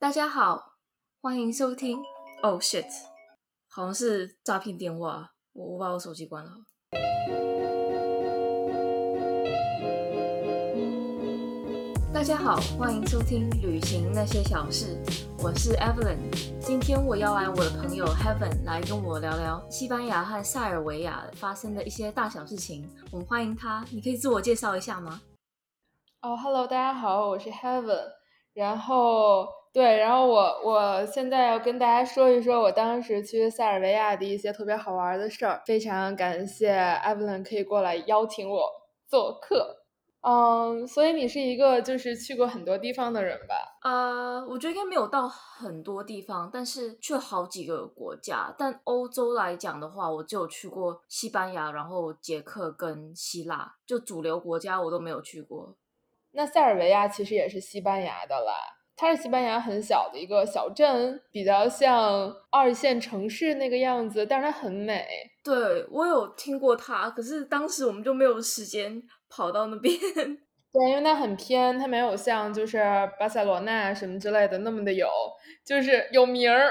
大家好，歡迎收聽。Oh shit，好像是詐騙電話，我我把我手機關了，嗯。大家好，歡迎收聽《旅行那些小事》，我是 Evelyn，今天我邀來我的朋友 Heaven 來跟我聊聊西班牙和塞爾維亞發生的一些大小事情。我們歡迎他，你可以自我介紹一下嗎？哦，oh, Hello，大家好，我是 Heaven，然後。對，然後我我現在要跟大家說一說，我當時去塞爾維亞的一些特別好玩的事兒。非常感謝 Evelyn 可以過來邀請我做客。嗯、um，所以你是一個就是去過很多地方的人吧？呃，uh, 我覺得應該沒有到很多地方，但是去了好幾個國家。但歐洲來講的話，我只有去過西班牙，然後捷克跟希臘，就主流國家我都沒有去過。那塞爾維亞其實也是西班牙的啦。它是西班牙很小的一個小鎮，比較像二線城市那個樣子，但是它很美。對，我有聽過它，可是當時我們就沒有時間跑到那邊。對，因為它很偏，它沒有像就是巴塞羅那什麼之類的那麼的有，就是有名兒。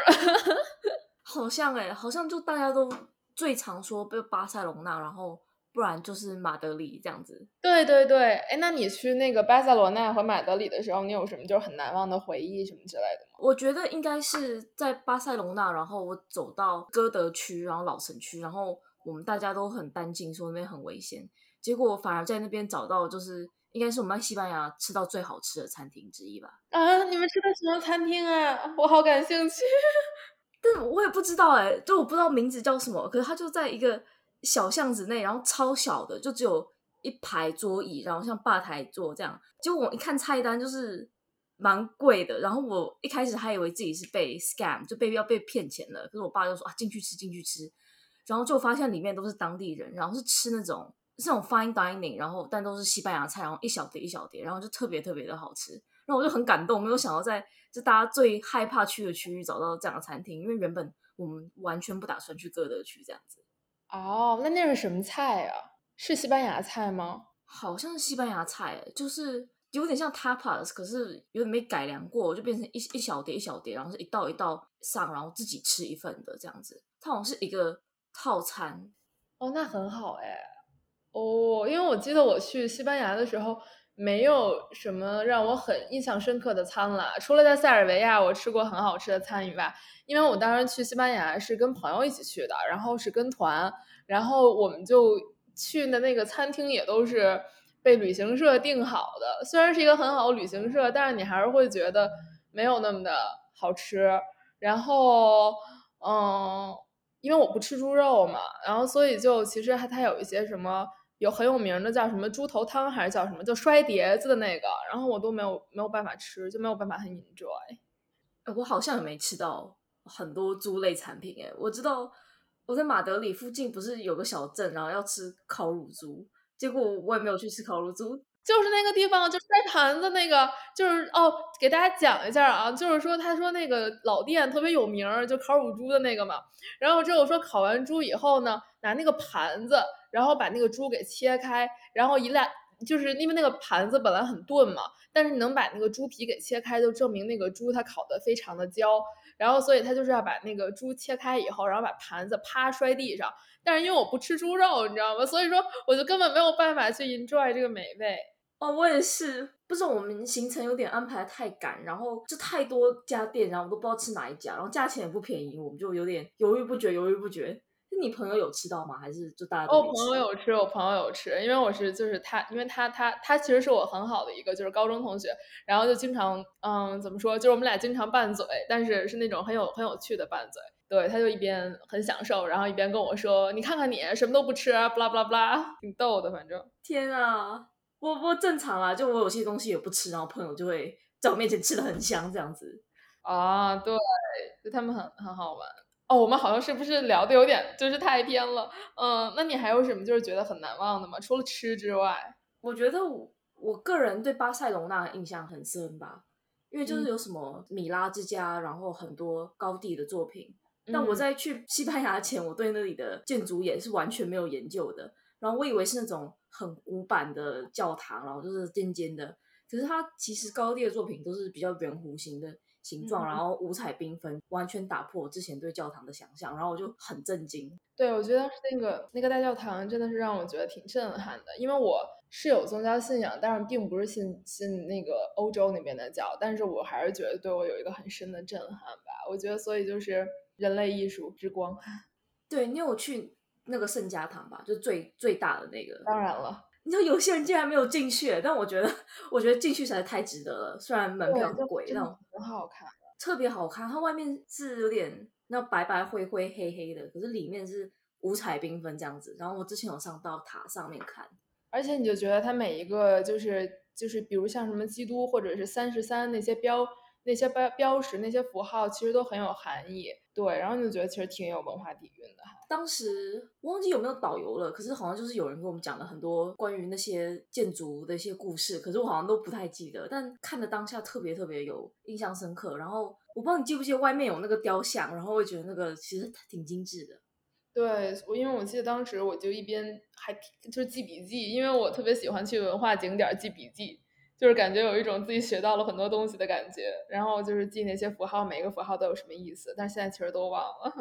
好像哎、欸，好像就大家都最常說不巴塞羅那，然後。不然就是馬德里這樣子，對對對，哎，那你去那個巴塞羅那和馬德里的時候，你有什麼就是很難忘的回憶什麼之類的嗎？我覺得應該是在巴塞羅那，然後我走到歌德區，然後老城區，然後我們大家都很擔心說那邊很危險，結果反而在那邊找到就是應該是我們在西班牙吃到最好吃的餐廳之一吧。啊，你們吃的什麼餐廳啊？我好感興趣， 但我也不知道哎、欸，就我不知道名字叫什麼，可是它就在一個。小巷子內，然後超小的，就只有一排桌椅，然後像吧台桌這樣。結果我一看菜單，就是蠻貴的。然後我一開始還以為自己是被 scam，就被要被騙錢了。可是我爸就說啊，進去吃，進去吃。然後就發現裡面都是當地人，然後是吃那種是那種 fine dining，然後但都是西班牙菜，然後一小碟一小碟，然後就特別特別的好吃。然後我就很感動，沒有想到在就大家最害怕去的區域找到這樣的餐廳，因為原本我們完全不打算去歌德區這樣子。哦，oh, 那那是什麼菜呀、啊？是西班牙菜嗎？好像是西班牙菜，就是有點像 tapas，可是有點沒改良過，就變成一一小碟，一小碟，然後是一道一道上，然後自己吃一份的這樣子。它好像是一個套餐哦，oh, 那很好哎、欸、哦，oh, 因為我記得我去西班牙的時候，沒有什麼讓我很印象深刻的餐了，除了在塞爾維亞我吃過很好吃的餐以外，因為我當時去西班牙是跟朋友一起去的，然後是跟團，然後我們就去的那個餐廳也都是被旅行社訂好的，雖然是一個很好的旅行社，但是你還是會覺得沒有那麼的好吃。然後，嗯，因為我不吃豬肉嘛，然後所以就其實還它有一些什麼。有很有名的叫什麼豬頭湯還是叫什麼，就摔碟子的那個，然後我都沒有沒有辦法吃，就沒有辦法很 enjoy。我好像也沒吃到很多豬類產品，誒，我知道我在馬德里附近不是有個小鎮啊，然後要吃烤乳豬，結果我也沒有去吃烤乳豬。就是那個地方，就摔盤子那個，就是哦，給大家講一下啊，就是說他說那個老店特別有名兒，就烤乳豬的那個嘛。然後之後說烤完豬以後呢，拿那個盤子，然後把那個豬給切開，然後一來就是因為那個盤子本來很鈍嘛，但是你能把那個豬皮給切開，就證明那個豬它烤得非常的焦。然後所以他就是要把那個豬切開以後，然後把盤子啪摔地上。但是因為我不吃豬肉，你知道嗎？所以說我就根本沒有辦法去 enjoy 這個美味。哦，我也是，不是我們行程有點安排太趕，然後就太多家店，然後我都不知道吃哪一家，然後價錢也不便宜，我們就有點猶豫不決，猶豫不決。那你朋友有吃到嗎？還是就大家吃？我朋友有吃，我朋友有吃，因為我是就是他，因為他他他其實是我很好的一個就是高中同學，然後就經常嗯怎麼說，就是我們倆經常拌嘴，但是是那種很有很有趣的拌嘴。對，他就一邊很享受，然後一邊跟我說：“你看看你什麼都不吃，啊，布拉布拉布拉，挺逗的。”反正天啊！不不正常啊！就我有些東西也不吃，然後朋友就會在我面前吃的很香，這樣子啊，對，就他們很很好玩哦。我們好像是不是聊的有點就是太偏了？嗯，那你還有什麼就是覺得很難忘的嗎？除了吃之外，我覺得我，我個人對巴塞隆納印象很深吧，因為就是有什麼米拉之家，然後很多高第的作品。嗯。但我在去西班牙前，我對那裡的建築也是完全沒有研究的。然後我以為是那種很古板的教堂，然後就是尖尖的。可是它其實高第的作品都是比較圓弧形的形狀，嗯、然後五彩繽紛，完全打破我之前對教堂的想象。然後我就很震驚。對，我覺得那個那個大教堂真的是讓我覺得挺震撼的，因為我是有宗教信仰，但是並不是信信那個歐洲那邊的教，但是我還是覺得對我有一個很深的震撼吧。我覺得所以就是人類藝術之光。對，你有去那個聖家堂吧，就是最最大的那個。當然了，你說有些人竟然沒有進去，是但我覺得，我覺得進去實在太值得了。雖然門票很貴，但後很好看，特別好看。它外面是有點那白白灰灰黑黑的，可是裡面是五彩繽紛這樣子。然後我之前有上到塔上面看，而且你就覺得它每一個就是就是，比如像什麼基督或者是三十三那些標。那些標標識、那些符號其實都很有含義，對，然後就覺得其實挺有文化底蘊的。當時我忘記有沒有導遊了，可是好像就是有人跟我們講了很多關於那些建築的一些故事，可是我好像都不太記得。但看的當下特別特別有印象深刻。然後我不知道你記不，記不記得外面有那個雕像，然後我覺得那個其實挺精致的。對，我因為我記得當時我就一邊還就是記筆記，因為我特別喜歡去文化景點記筆記。就是感覺有一種自己學到了很多東西的感覺，然後就是記那些符號，每一個符號都有什麼意思，但是現在其實都忘了。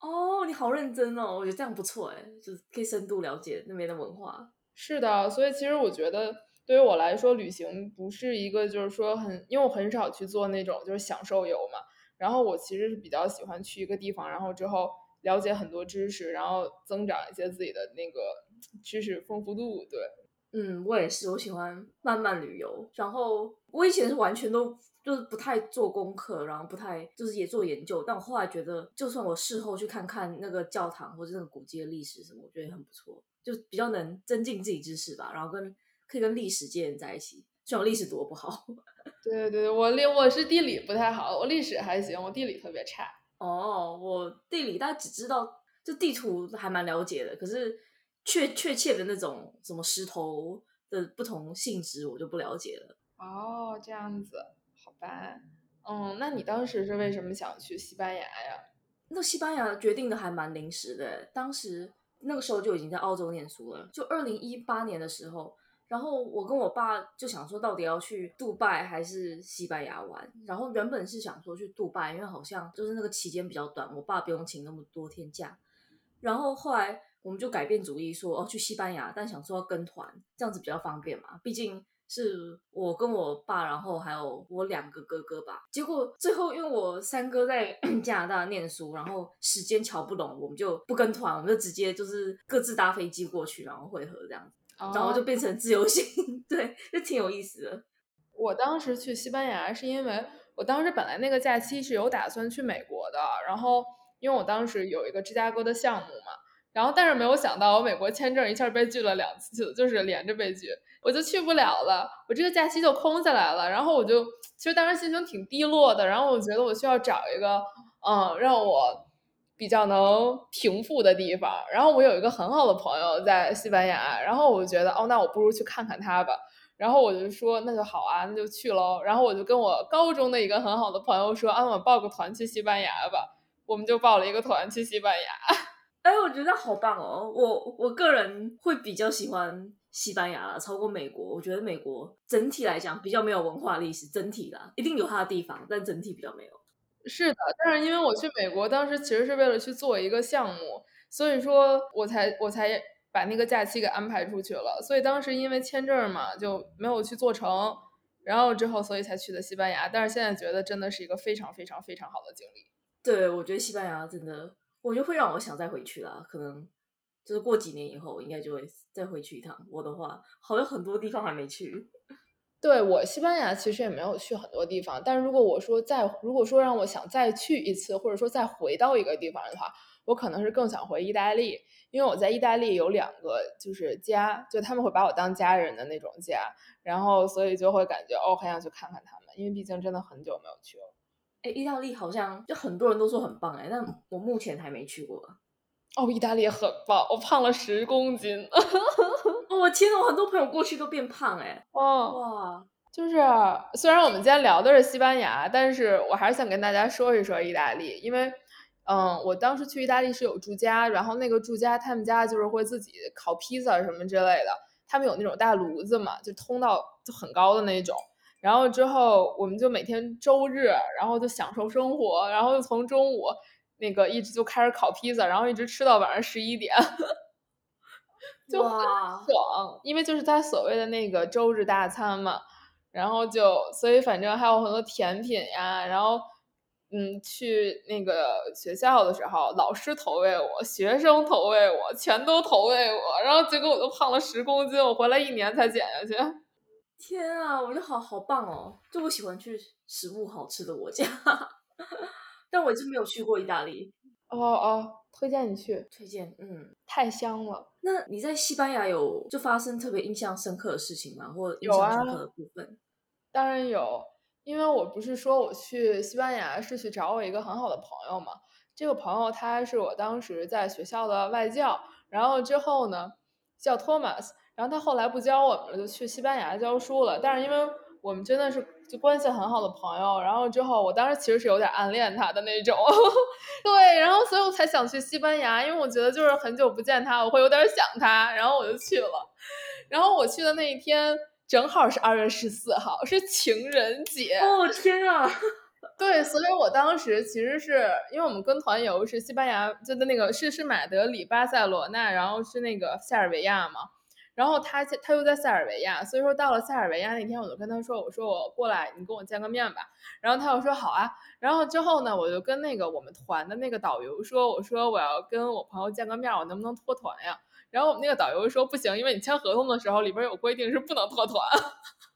哦，你好認真哦，我覺得這樣不錯哎，就是可以深度了解那邊的文化。是的，所以其實我覺得對於我來說，旅行不是一個就是說很，因為我很少去做那種就是享受遊嘛。然後我其實是比較喜歡去一個地方，然後之後了解很多知識，然後增長一些自己的那個知識豐富度，對。嗯，我也是，我喜歡慢慢旅遊。然後我以前是完全都就是不太做功課，然後不太就是也做研究。但我後來覺得，就算我事後去看看那個教堂或者那個古蹟的歷史什麼，我覺得也很不錯，就比較能增進自己知識吧。然後跟可以跟歷史界人在一起，講歷史多不好。對對對，我歷我是地理不太好，我歷史還行，我地理特別差。哦，我地理大家只知道，就地圖還蠻了解的，可是。確確切的那種什麼石頭的不同性質，我就不了解了。哦，這樣子，好吧。嗯，那你當時是為什麼想去西班牙呀？那西班牙決定的還蠻臨時的，當時那個時候就已經在澳洲念書了，就二零一八年的時候。然後我跟我爸就想說，到底要去杜拜還是西班牙玩。然後原本是想說去杜拜，因為好像就是那個期間比較短，我爸不用請那麼多天假。然後後來。我們就改變主意說，說哦去西班牙，但想說要跟團，這樣子比較方便嘛。畢竟是我跟我爸，然後還有我兩個哥哥吧。結果最後，因為我三哥在加拿大念書，然後時間喬不攏，我們就不跟團，我們就直接就是各自搭飛機過去，然後會合這樣子，然後就變成自由行，oh. 對，就挺有意思的。我當時去西班牙是因為，我當時本來那個假期是有打算去美國的，然後因為我當時有一個芝加哥的項目嘛。然後，但是沒有想到，我美國簽證一下被拒了兩次，就是連着被拒，我就去不了了。我這個假期就空下來了。然後我就，其實當時心情挺低落的。然後我覺得我需要找一個，嗯，讓我比較能平復的地方。然後我有一個很好的朋友在西班牙，然後我就覺得，哦，那我不如去看看他吧。然後我就說，那就好啊，那就去嘍。然後我就跟我高中的一個很好的朋友說，啊，我報個團去西班牙吧。我們就報了一個團去西班牙。哎，我覺得好棒哦！我我個人會比較喜歡西班牙了，超過美國。我覺得美國整體來講比較沒有文化歷史，整體的一定有它的地方，但整體比較沒有。是的，但是因為我去美國當時其實是為了去做一個項目，所以說我才我才把那個假期給安排出去了。所以當時因為簽證嘛，就沒有去做成。然後之後，所以才去的西班牙。但是現在覺得真的是一個非常非常非常好的經歷。對，我覺得西班牙真的。我就會讓我想再回去啦，可能就是過幾年以後，我應該就會再回去一趟。我的話，好像很多地方還沒去。對我，西班牙其實也沒有去很多地方。但是，如果我說再，如果說讓我想再去一次，或者說再回到一個地方的話，我可能是更想回意大利，因為我在意大利有兩個就是家，就他們會把我當家人的那種家。然後，所以就會感覺哦，很想去看看他們，因為畢竟真的很久沒有去了。哎，意大利好像就很多人都說很棒哎，但我目前還沒去過。哦，意大利很棒，我胖了十公斤。 我天哪，我很多朋友過去都變胖哎。哦，哇，哇就是雖然我們今天聊的是西班牙，但是我還是想跟大家說一說意大利，因為嗯，我當時去意大利是有住家，然後那個住家他們家就是會自己烤披薩什麼之類的，他們有那種大爐子嘛，就通到就很高的那種。然後之後我們就每天周日，然後就享受生活，然後就從中午那個一直就開始烤披薩，然後一直吃到晚上十一點呵呵，就很爽，哇因為就是他所謂的那個周日大餐嘛。然後就所以反正還有很多甜品呀，然後嗯，去那個學校的時候，老師投餵我，學生投餵我，全都投餵我，然後結果我都胖了十公斤，我回來一年才減下去。天啊，我覺得好好棒哦！就我喜歡去食物好吃的國家，但我一直沒有去過意大利。哦哦，推薦你去，推薦，嗯，太香了。那你在西班牙有就發生特別印象深刻的事情嗎？或印象深刻的部分？有啊，當然有，因為我不是說我去西班牙是去找我一個很好的朋友嘛。這個朋友他是我當時在學校的外教，然後之後呢叫托馬斯。然後他後來不教我們了，就去西班牙教書了。但是因為我們真的是就關係很好的朋友，然後之後我當時其實是有點暗戀他的那種， 對，然後所以我才想去西班牙，因為我覺得就是很久不見他，我會有點想他，然後我就去了。然後我去的那一天正好是二月十四號，是情人節。哦天啊！對，所以我當時其實是因為我們跟團遊是西班牙，就在那個是是馬德里、巴塞羅那，然後是那個塞爾維亞嘛。然後他他又在塞爾維亞，所以說到了塞爾維亞那天，我就跟他說，我說我過來，你跟我見個面吧。然後他又說好啊。然後之後呢，我就跟那個我們團的那個導遊說，我說我要跟我朋友見個面，我能不能脫團呀？然後我們那個導遊說不行，因為你簽合同的時候裡邊有規定是不能脫團。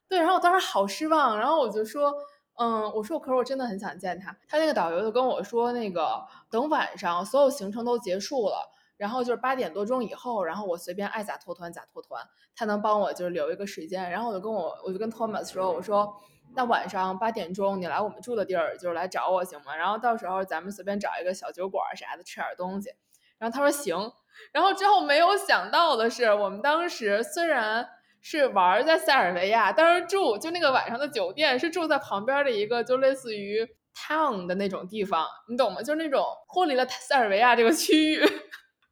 對，然後我當時好失望，然後我就說，嗯，我說可是我真的很想見他。他那個導遊就跟我說，那個等晚上所有行程都結束了。然後就是八點多鐘以後，然後我隨便愛咋脫團咋脫團，他能幫我就是留一個時間，然後我就跟我我就跟托馬斯說，我說那晚上八點鐘你來我們住的地兒，就是來找我行嗎？然後到時候咱們隨便找一個小酒館啥的吃點東西。然後他說行。然後之後沒有想到的是，我們當時雖然是玩在塞爾維亞，但是住就那個晚上的酒店是住在旁邊的一個就類似於 town 的那種地方，你懂嗎？就是那種脫離了塞爾維亞這個區域。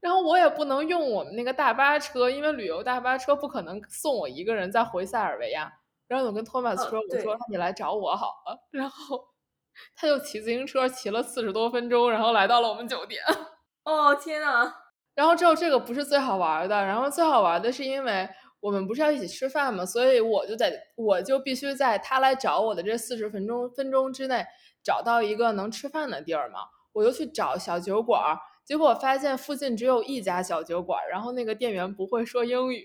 然後我也不能用我們那個大巴車，因為旅遊大巴車不可能送我一個人再回塞爾維亞。然後我跟托馬斯說：“哦、我說你來找我好了。”然後他就騎自行車騎了四十多分鐘，然後來到了我們酒店。哦天吶，然後之後這個不是最好玩的，然後最好玩的是因為我們不是要一起吃飯嘛，所以我就在我就必須在他來找我的這四十分鐘分鐘之內找到一個能吃飯的地兒嘛，我就去找小酒館結果發現附近只有一家小酒館，然後那個店員不會說英語，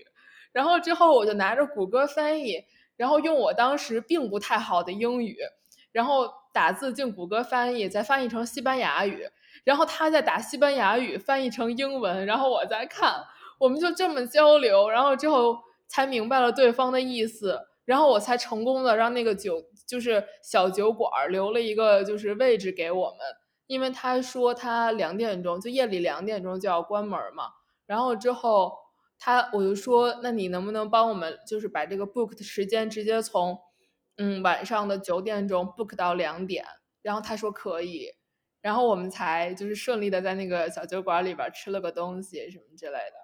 然後之後我就拿着谷歌翻譯，然後用我當時並不太好的英語，然後打字進谷歌翻譯，再翻譯成西班牙語，然後他再打西班牙語翻譯成英文，然後我再看，我們就這麼交流，然後之後才明白了對方的意思，然後我才成功的讓那個酒就是小酒館留了一個就是位置給我們。因為他說他兩點鐘就夜裡兩點鐘就要關門嘛，然後之後他我就說，那你能不能幫我們就是把這個 book 的時間直接從，嗯晚上的九點鐘 book 到兩點，然後他說可以，然後我們才就是順利的在那個小酒館裡邊吃了個東西什麼之類的。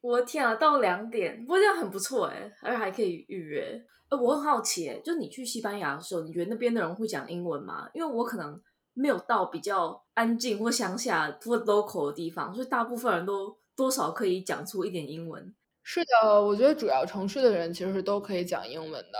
我天啊，到兩點，不過這樣很不錯哎、欸，而且還可以預約。哎、呃，我很好奇哎、欸，就你去西班牙的時候，你覺得那邊的人會講英文嗎？因為我可能。沒有到比較安靜或鄉下或 local 的地方，所以大部分人都多少可以講出一點英文。是的，我覺得主要城市的人其實是都可以講英文的，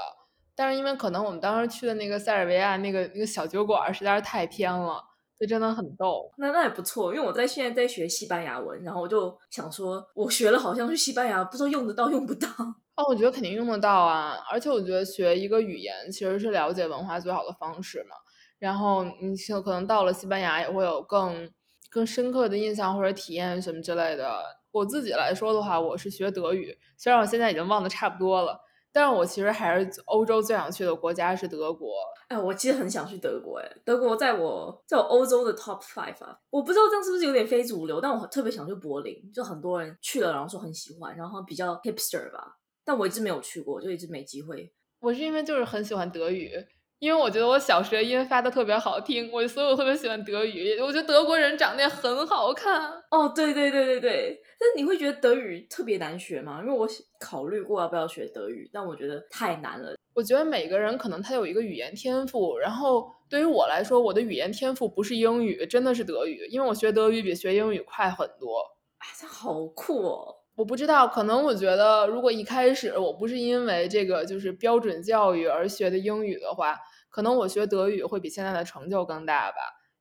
但是因為可能我們當時去的那個塞爾維亞那個那個小酒館實在是太偏了，所以真的很逗。那那也不錯，因為我在現在在學西班牙文，然後我就想說，我學了好像去西班牙，不知道用得到用不到。哦，我覺得肯定用得到啊，而且我覺得學一個語言其實是了解文化最好的方式嘛。然後你就可能到了西班牙也會有更更深刻的印象或者體驗什麼之類的。我自己來說的話，我是學德語，雖然我現在已經忘得差不多了，但是我其實還是歐洲最想去的國家是德國。哎，我其實很想去德國，誒，德國在我在我歐洲的 Top Five 啊，我不知道這樣是不是有點非主流，但我特別想去柏林，就很多人去了然後說很喜歡，然後比較 hipster 吧，但我一直沒有去過，就一直沒機會。我是因為就是很喜歡德語。因為我覺得我小舌音發的特別好聽，我所以我特別喜歡德語。我覺得德國人長得也很好看。哦，對對對對對。那你會覺得德語特別難學嗎？因為我考慮過要不要學德語，但我覺得太難了。我覺得每個人可能他有一個語言天賦，然後對於我來說，我的語言天賦不是英語，真的是德語，因為我學德語比學英語快很多。哎，這好酷哦。我不知道，可能我覺得，如果一開始我不是因為這個就是標準教育而學的英語的話，可能我學德語會比現在的成就更大吧，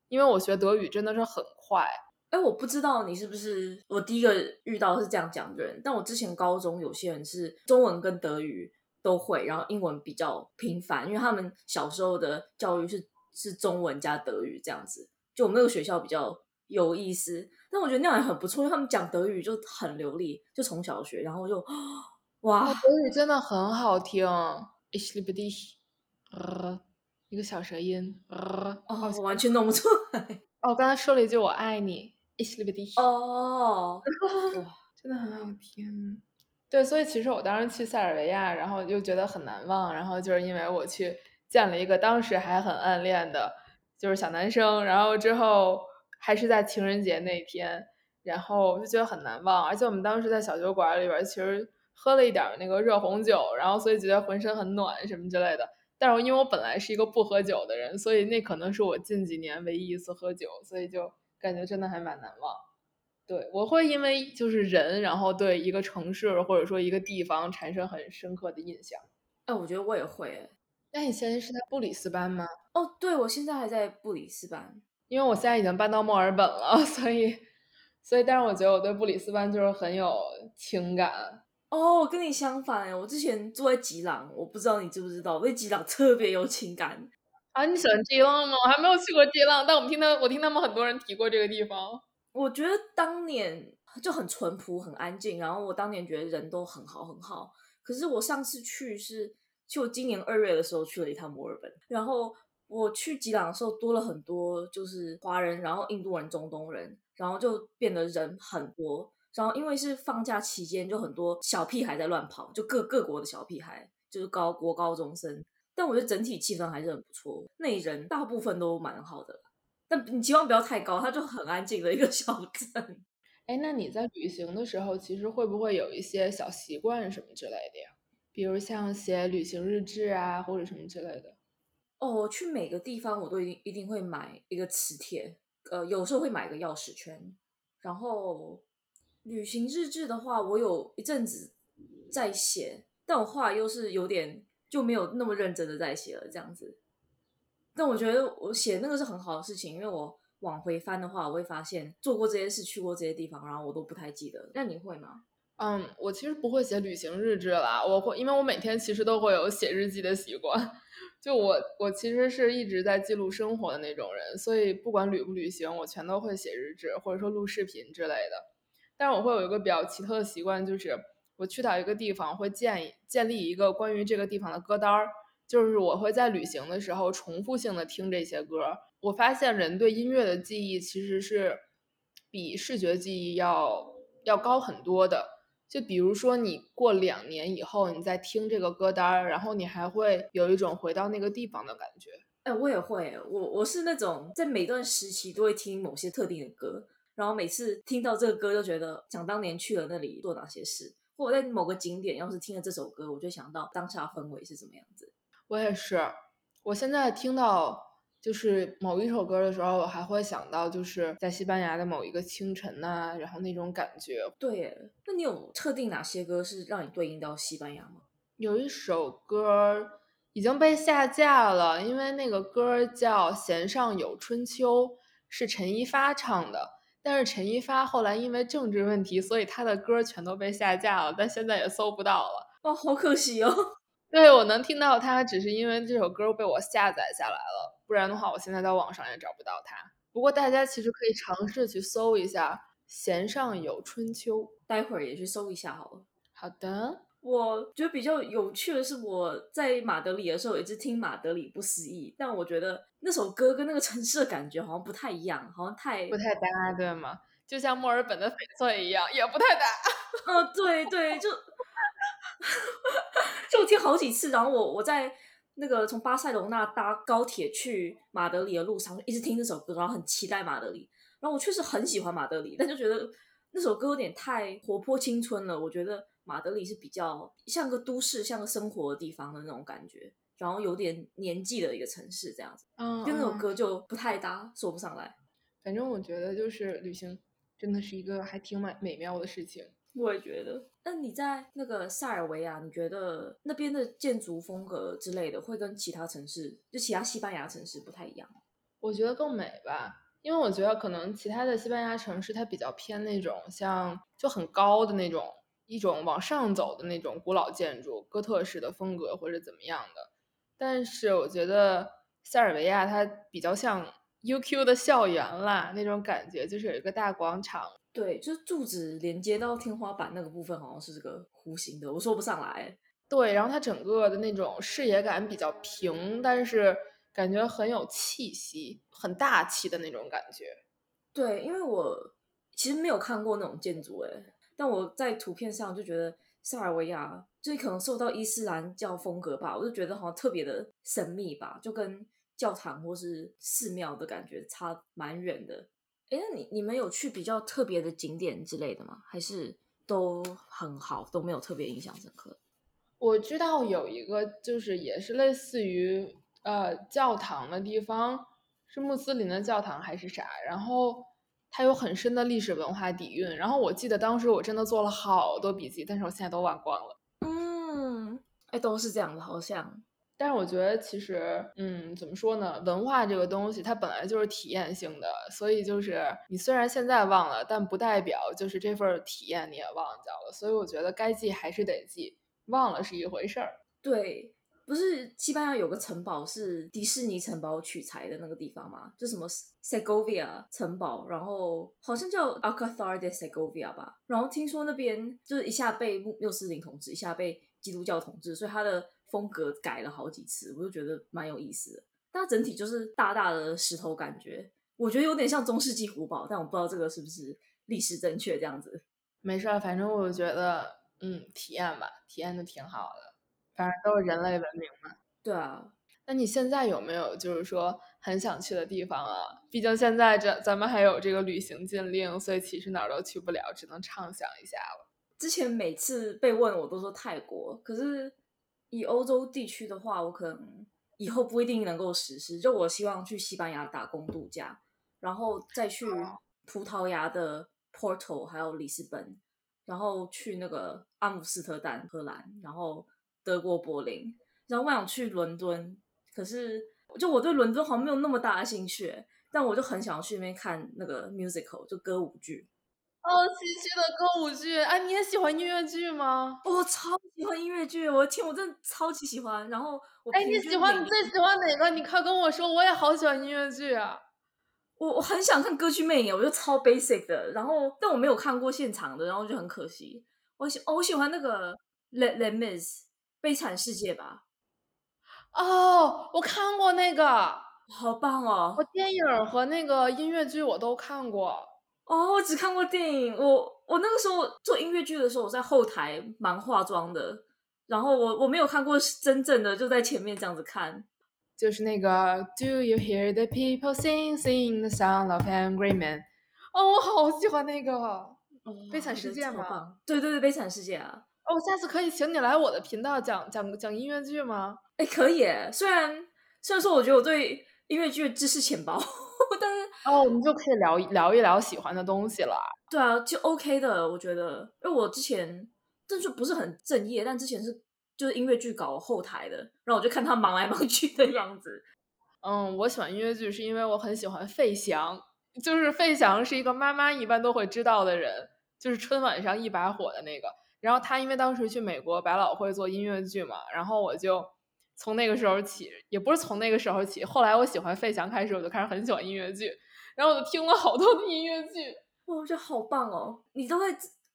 因為我學德語真的是很快。哎，我不知道你是不是我第一個遇到的是這樣講的人，但我之前高中有些人是中文跟德語都會，然後英文比較頻繁，因為他們小時候的教育是是中文加德語這樣子，就我們那個學校比較有意思。但我覺得那樣也很不錯，因為他們講德語就很流利，就從小學，然後就哇、哦，德語真的很好聽，Ich liebe dich，一個小舌音，哦、哇我完全弄不出來。哦，我剛才說了一句我愛你，Ich liebe dich，哦、oh.，真的很好聽。對，所以其實我當時去塞爾維亞，然後又覺得很難忘，然後就是因為我去見了一個當時還很暗戀的，就是小男生，然後之後。還是在情人節那天，然後我就覺得很難忘，而且我們當時在小酒館裡邊，其實喝了一點那個熱紅酒，然後所以覺得渾身很暖什麼之類的。但是因為我本來是一個不喝酒的人，所以那可能是我近幾年唯一一次喝酒，所以就感覺真的還蠻難忘。對，我會因為就是人，然後對一個城市或者說一個地方產生很深刻的印象。哎、哦，我覺得我也會。那你現在是在布里斯班嗎？哦，對，我現在還在布里斯班。因為我現在已經搬到墨爾本了，所以，所以，但是我覺得我對布里斯班就是很有情感。哦，我跟你相反呀！我之前住在吉朗，我不知道你知不知道，我對吉朗特別有情感。啊，你喜歡吉朗嗎？我還沒有去過吉朗，但我們聽我聽他們很多人提過這個地方。我覺得當年就很淳樸、很安靜，然後我當年覺得人都很好、很好。可是我上次去是就今年二月的時候去了一趟墨爾本，然後。我去吉朗的時候多了很多，就是華人，然後印度人、中東人，然後就變得人很多。然後因為是放假期間，就很多小屁孩在亂跑，就各各國的小屁孩，就是高國高中生。但我覺得整體氣氛還是很不錯，那裡人大部分都蠻好的啦。但你期望不要太高，它就很安靜的一個小鎮。哎,那你在旅行的時候，其實會不會有一些小習慣什麼之類的呀？比如像寫旅行日誌啊，或者什麼之類的。哦，去每個地方我都一定一定會買一個磁鐵，呃，有時候會買個鑰匙圈。然後旅行日志的話，我有一陣子在寫，但我話又是有點就沒有那麼認真的在寫了，這樣子。但我覺得我寫那個是很好的事情，因為我往回翻的話，我會發現做過這些事，去過這些地方，然後我都不太記得。那你會嗎？嗯，我其實不會寫旅行日志啦，我會因為我每天其實都會有寫日記的習慣。就我，我其實是一直在記錄生活的那種人，所以不管旅不旅行，我全都會寫日誌或者說錄視頻之類的。但是我會有一個比較奇特的習慣，就是我去到一個地方，會建建立一個關於這個地方的歌單兒，就是我會在旅行的時候重複性的聽這些歌。我發現人對音樂的記憶其實是比視覺記憶要要高很多的。就比如說，你過兩年以後，你再聽這個歌單，然後你還會有一種回到那個地方的感覺。哎、欸，我也會，我我是那種在每段時期都會聽某些特定的歌，然後每次聽到這個歌就覺得，想當年去了那裡做哪些事，或者在某個景點，要是聽了這首歌，我就想到當下氛圍是什麼樣子。我也是，我現在聽到。就是某一首歌的時候，我還會想到就是在西班牙的某一個清晨吶、啊，然後那種感覺。對，那你有特定哪些歌是讓你對應到西班牙嗎？有一首歌已經被下架了，因為那個歌叫《弦上有春秋》，是陳一發唱的。但是陳一發後來因為政治問題，所以他的歌全都被下架了，但現在也搜不到了。哇、哦，好可惜哦。對，我能聽到他，只是因為這首歌被我下載下來了。不然的話，我現在在網上也找不到它。不過大家其實可以嘗試去搜一下《弦上有春秋》，待會兒也去搜一下好了。好的。我覺得比較有趣的是，我在馬德里的時候一直聽《馬德里不思議》，但我覺得那首歌跟那個城市的感覺好像不太一樣，好像太不太搭，對嗎？就像墨爾本的翡翠一樣，也不太搭。哦，對對，就、哦、 就聽好幾次，然後我我在。那個從巴塞隆納搭高鐵去馬德里的路上，一直聽這首歌，然後很期待馬德里。然後我確實很喜歡馬德里，但就覺得那首歌有點太活潑青春了。我覺得馬德里是比較像個都市，像個生活的地方的那種感覺，然後有點年紀的一個城市這樣子，跟，嗯、那首歌就不太搭，說不上來。反正我覺得，就是旅行真的是一個還挺美美妙的事情。我也覺得。那你在那個塞爾維亞，你覺得那邊的建築風格之類的會跟其他城市，就其他西班牙城市不太一樣嗎？我覺得更美吧，因為我覺得可能其他的西班牙城市它比較偏那種像就很高的那種一種往上走的那種古老建築，哥特式的風格或者怎麼樣的。但是我覺得塞爾維亞它比較像 UQ 的校園啦，那種感覺就是有一個大廣場。對，就是柱子連接到天花板那個部分，好像是這個弧形的，我說不上來。對，然後它整個的那種視野感比較平，但是感覺很有氣息，很大氣的那種感覺。對，因為我其實沒有看過那種建築誒，但我在圖片上就覺得塞爾維亞，最可能受到伊斯蘭教風格吧，我就覺得好像特別的神秘吧，就跟教堂或是寺廟的感覺差蠻遠的。哎，那你你們有去比較特別的景點之類的嗎？還是都很好，都沒有特別印象深刻？我知道有一個，就是也是類似於呃教堂的地方，是穆斯林的教堂還是啥？然後它有很深的歷史文化底蘊。然後我記得當時我真的做了好多筆記，但是我現在都忘光了。嗯，哎，都是這樣的，好像。但是我覺得其實，嗯，怎麼說呢？文化這個東西它本來就是體驗性的，所以就是你雖然現在忘了，但不代表就是這份體驗你也忘掉了。所以我覺得該記還是得記，忘了是一回事兒。對，不是西班牙有個城堡是迪士尼城堡取材的那個地方嗎？就什麼 Segovia 城堡，然後好像叫 Alcázar de Segovia 吧。然後聽說那邊就是一下被穆穆斯林統治，一下被基督教統治，所以它的。風格改了好幾次，我就覺得蠻有意思的。但整體就是大大的石頭感覺，我覺得有點像中世紀古堡，但我不知道這個是不是歷史正確這樣子。沒事兒，反正我覺得，嗯，體驗吧，體驗的挺好的。反正都是人類文明嘛。對啊，那你現在有沒有就是說很想去的地方啊？畢竟現在這咱們還有這個旅行禁令，所以其實哪兒都去不了，只能暢想一下了。之前每次被問，我都說泰國，可是。以歐洲地區的話，我可能以後不一定能夠實施。就我希望去西班牙打工度假，然後再去葡萄牙的 Porto 還有里斯本，然後去那個阿姆斯特丹、荷蘭，然後德國柏林。然後我想去倫敦，可是就我對倫敦好像沒有那麼大的興趣，但我就很想要去那邊看那個 musical，就歌舞劇。哦，戲劇的歌舞劇，哎、啊，你也喜歡音樂劇嗎？哦、我超喜歡音樂劇，我的天，我真的超級喜歡。然後我，哎，你喜歡你最喜歡哪個？你快跟我說，我也好喜歡音樂劇啊！我我很想看《歌劇魅影》，我就超 basic 的。然後，但我沒有看過現場的，然後就很可惜。我喜、哦、我喜歡那個《Let, Les Mis》，悲慘世界吧？哦，我看過那個，好棒哦！我電影和那個音樂劇我都看過。哦，oh, 我只看過電影。我我那個時候做音樂劇的時候，我在後台蠻化妝的。然後我我沒有看過真正的，就在前面這樣子看。就是那個 Do you hear the people sing, sing the song of angry men? 哦，我好喜歡那個！Oh, 悲慘世界嘛。對對對，悲慘世界啊！哦，oh, 下次可以請你來我的頻道講講講音樂劇嗎？哎，可以。雖然雖然說，我覺得我對音樂劇的知識淺薄。我但是哦，我們、oh, 就可以聊聊一聊喜歡的東西了。對啊，就 OK 的，我覺得。因為我之前，但是不是很正業，但之前是就是音樂劇搞後台的，然後我就看他忙來忙去的樣子。嗯，我喜歡音樂劇是因為我很喜歡費翔，就是費翔是一個媽媽一般都會知道的人，就是春晚上一把火的那個。然後他因為當時去美國百老匯做音樂劇嘛，然後我就。從那個時候起，也不是從那個時候起，後來我喜歡費翔開始，我就開始很喜歡音樂劇，然後我就聽了好多的音樂劇。哇，這好棒哦！你都在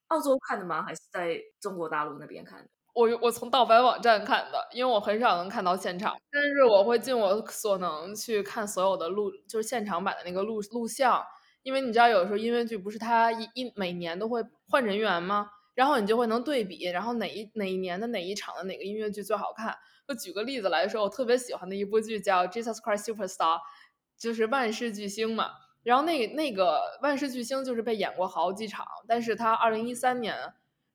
澳洲看的嗎？還是在中國大陸那邊看的？我我從盜版網站看的，因為我很少能看到現場。但是我會盡我所能去看所有的錄，就是現場版的那個錄錄像，因為你知道，有的時候音樂劇不是他一一每年都會換人員嗎？然後你就會能對比，然後哪一哪一年的哪一場的哪個音樂劇最好看。我舉個例子來說，我特別喜歡的一部劇叫《Jesus Christ Superstar》，就是《萬世巨星》嘛。然後那那個《萬世巨星》就是被演過好幾場，但是他2013年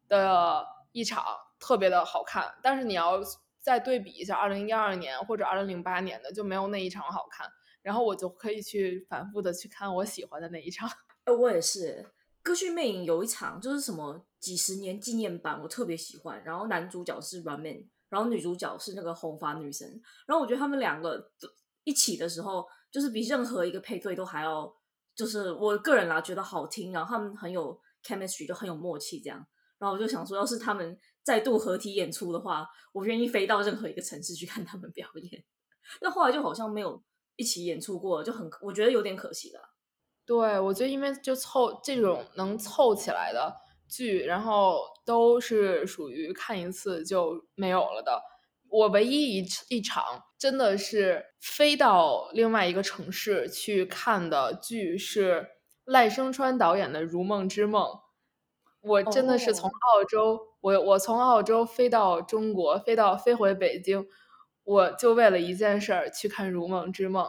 的一場特別的好看。但是你要再對比一下2012年或者2008年的，就沒有那一場好看。然後我就可以去反覆的去看我喜歡的那一場。呃，我也是，《歌劇魅影》有一場就是什麼幾十年紀念版，我特別喜歡。然後男主角是 Ramin 然後女主角是那個紅髮女神，然後我覺得他們兩個一起的時候，就是比任何一個配對都還要，就是我個人啦、啊、覺得好聽，然後他們很有 chemistry，就很有默契這樣。然後我就想說，要是他們再度合體演出的話，我願意飛到任何一個城市去看他們表演。那後來就好像沒有一起演出過，就很我覺得有點可惜了。對，我覺得因為就湊這種能湊起來的。劇然後都是屬於看一次就沒有了的。我唯一一一場真的是飛到另外一個城市去看的劇是賴聲川導演的《如夢之夢》。我真的是從澳洲，Oh, wow. 我我從澳洲飛到中國，飛到飛回北京，我就為了一件事兒去看《如夢之夢》，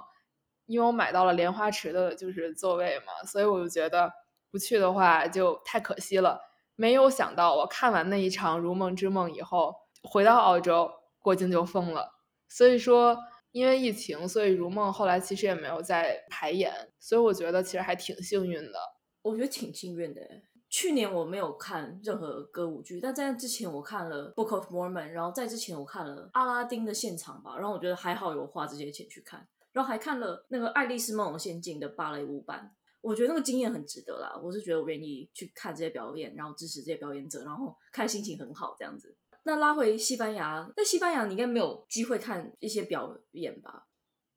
因為我買到了蓮花池的就是座位嘛，所以我就覺得不去的話就太可惜了。沒有想到，我看完那一場《如夢之夢》以後，回到澳洲國境就封了。所以說，因為疫情，所以《如夢》後來其實也沒有再排演。所以我覺得其實還挺幸運的。我覺得挺幸運的耶。去年我沒有看任何歌舞劇，但在那之前我看了《Book of Mormon》，然後在之前我看了《阿拉丁》的現場吧。然後我覺得還好有花這些錢去看，然後還看了那個《愛麗絲夢遊仙境》的芭蕾舞版。我覺得那個經驗很值得啦，我是覺得我願意去看這些表演，然後支持這些表演者，然後看心情很好這樣子。那拉回西班牙，那西班牙你應該沒有機會看一些表演吧？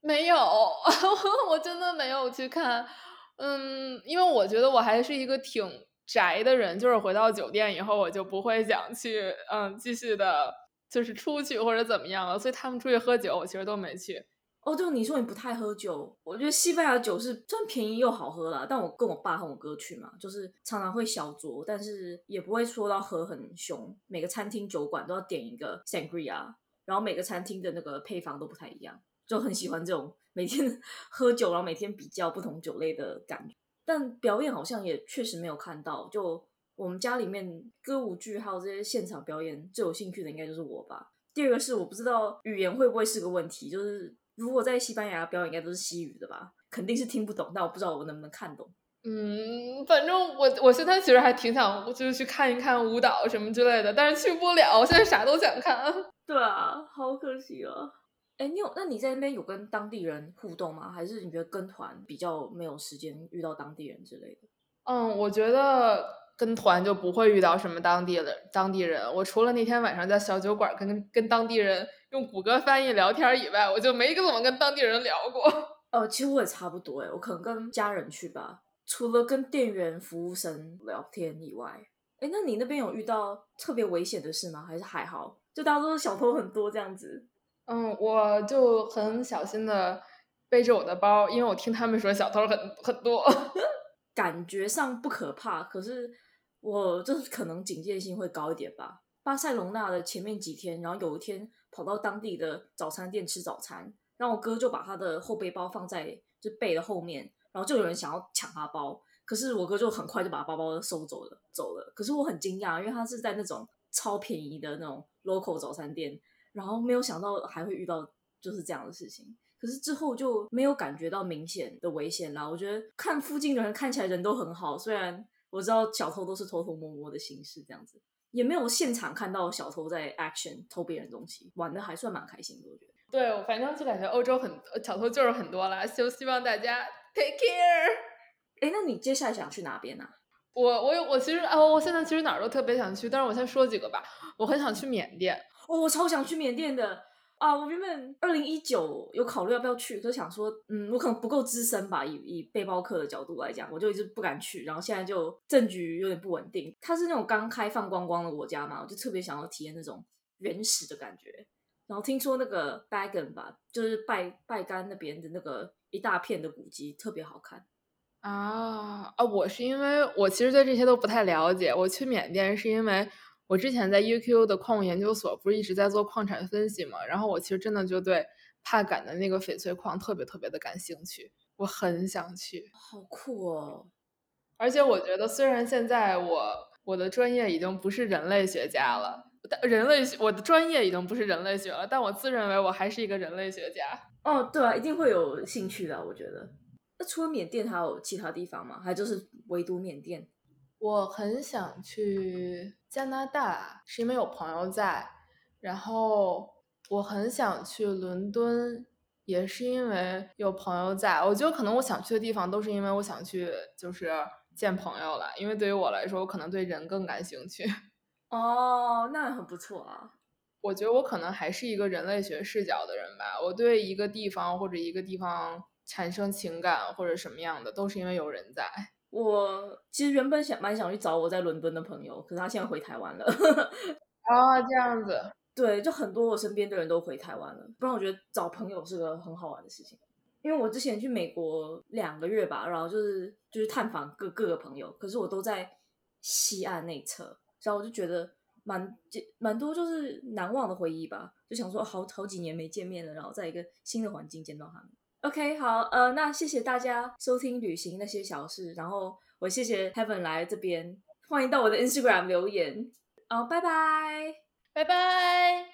沒有，我真的沒有去看。嗯，因為我覺得我還是一個挺宅的人，就是回到酒店以後，我就不會想去嗯繼續的，就是出去或者怎麼樣了。所以他們出去喝酒，我其實都沒去。哦，就你說你不太喝酒，我覺得西班牙酒是算便宜又好喝啦。但我跟我爸和我哥去嘛，就是常常會小酌，但是也不會說到喝很凶。每個餐廳酒館都要點一個 sangria，然後每個餐廳的那個配方都不太一樣，就很喜歡這種每天喝酒然後每天比較不同酒類的感覺。但表演好像也確實沒有看到。就我們家裡面歌舞劇還有這些現場表演，最有興趣的應該就是我吧。第二個是我不知道語言會不會是個問題，就是。如果在西班牙表演，應該都是西語的吧？肯定是聽不懂，但我不知道我能不能看懂。嗯，反正我我現在其實還挺想，就是去看一看舞蹈什麼之類的，但是去不了。我現在啥都想看， 對啊，好可惜啊，哦。哎，你有？那你在那邊有跟當地人互動嗎？還是你覺得跟團比較沒有時間遇到當地人之類的？嗯，我覺得。跟團就不會遇到什麼當地的當地人。我除了那天晚上在小酒館跟跟當地人用谷歌翻譯聊天以外，我就沒怎麼跟當地人聊過。呃、哦，其實我也差不多誒，我可能跟家人去吧，除了跟店員、服務生聊天以外。誒，那你那邊有遇到特別危險的事嗎？還是還好？就大家都說小偷很多這樣子。嗯，我就很小心的背着我的包，因為我聽他們說小偷很很多， 感覺上不可怕，可是。我就是可能警戒性會高一點吧。巴塞羅那的前面幾天，然後有一天跑到當地的早餐店吃早餐，那我哥就把他的後背包放在就背的後面，然後就有人想要搶他包，可是我哥就很快就把包包收走了走了。可是我很驚訝，因為他是在那種超便宜的那種 local 早餐店，然後沒有想到還會遇到就是這樣的事情。可是之後就沒有感覺到明顯的危險啦。我覺得看附近的人看起來人都很好，雖然。我知道小偷都是偷偷摸摸的形式，這樣子也沒有現場看到小偷在 action 偷別人東西，玩的還算蠻開心的，我覺得。對，我反正就感覺歐洲很小偷就是很多啦，就希望大家 take care。哎，那你接下來想去哪邊呢、啊？我我我其實哦，我現在其實哪兒都特別想去，但是我先說幾個吧，我很想去緬甸，哦，我超想去緬甸的。啊，我原本二零一九有考慮要不要去，就想說，嗯，我可能不夠資深吧，以以背包客的角度來講，我就一直不敢去。然後現在就政局有點不穩定，它是那種剛開放觀光的國家嘛，我就特別想要體驗那種原始的感覺。然後聽說那個 Bagan 吧，就是拜拜甘那邊的那個一大片的古跡，特別好看啊啊！我是因為我其實對這些都不太了解，我去緬甸是因為。我之前在 UQ 的礦物研究所，不是一直在做礦產分析嗎？然後我其實真的就對帕敢的那個翡翠礦特別特別的感興趣，我很想去，好酷哦！而且我覺得，雖然現在我我的專業已經不是人類學家了，但人類我的專業已經不是人類學了，但我自認為我還是一個人類學家。哦，對啊，一定會有興趣的，我覺得。那除了緬甸，還有其他地方嗎？還就是唯獨緬甸？我很想去。加拿大是因為有朋友在，然後我很想去倫敦，也是因為有朋友在。我覺得可能我想去的地方都是因為我想去就是見朋友了，因為對於我來說，我可能對人更感興趣。哦，oh, 那很不錯啊！我覺得我可能還是一個人類學視角的人吧。我對一個地方或者一個地方產生情感或者什麼樣的，都是因為有人在。我其實原本想蠻想去找我在倫敦的朋友，可是他現在回台灣了。啊 ，oh, 這樣子，對，就很多我身邊的人都回台灣了。不然我覺得找朋友是個很好玩的事情，因為我之前去美國兩個月吧，然後就是就是探訪各各個朋友，可是我都在西岸那側，然後我就覺得蠻就蠻多就是難忘的回憶吧，就想說好好幾年沒見面了，然後在一個新的環境見到他們。OK，好，呃，那謝謝大家收聽《旅行那些小事》，然後我謝謝 Heaven 來這邊，歡迎到我的 Instagram 留言，哦，拜拜，拜拜。